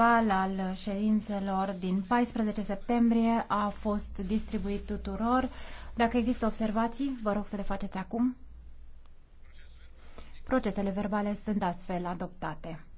verbal al ședințelor din 14 septembrie a fost distribuit tuturor. Dacă există observații, vă rog să le faceți acum. Procesele verbale sunt astfel adoptate.